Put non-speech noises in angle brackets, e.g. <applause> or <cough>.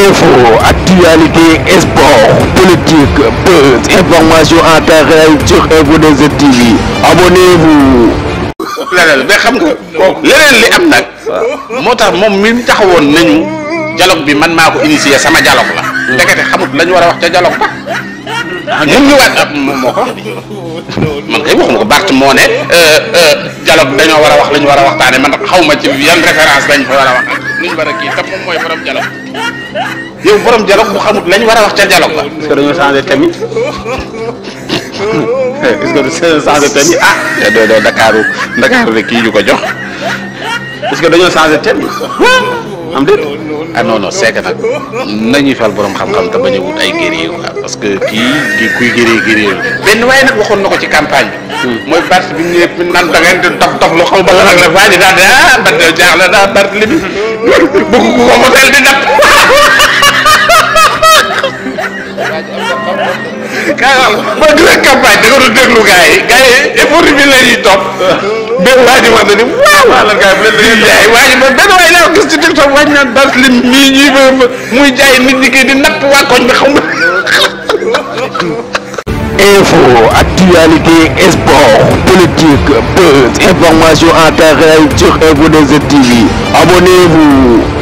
info actualité sport politique buzz information en temps réel sur Info 2S TV xam nga leneen li am nag moo tax moom mi taxawoon nañu dialogue bi man maa ko initié sama dialogue la. ndekete xamut lañu war a wax ca dialogue ba. ñun ñu waat ak moo ko man kay waxuma ko Barth moo ne euh, euh, dialogue dañoo war a wax la ñu war a waxtaane man xaw ma ci yan référence lañ fa war a wax. luñ war a kii tam moom mooy borom dialogue. yow borom dialogue bu xamut lañ war a wax ca dialogue ba. est-ce que dañoo changé thème yi <laughs> est-ce que dañoo changé thème ah. doo doo Dakar Dakar de kii ñu ko jox que dañoo changé thème am déet ah non non c'est que nag nañuy fal borom xam-xam te bañ a wut ay guerrier parce que kii kii kuy guerrier guerrier benn waaye nag waxoon na ko ci campagne bi mooy parti bi ñëpp nan da ngeen di dof dof lu xaw ba la nag la waaji daal di ah man de jaax la daa part li bi bëgg ko ko mosel di nap kaawal mooy dina campagne da nga doon déglu gars yi effort bi la ñuy topp benn waaji ni waaw la gars yi benn waaji man benn dañ naan bas lim mii ñuy muy jaay nit ñi di natt waa koñ bi xam info actualité sport politique buzz information en temps sur Info 2S TV abonnez-vous.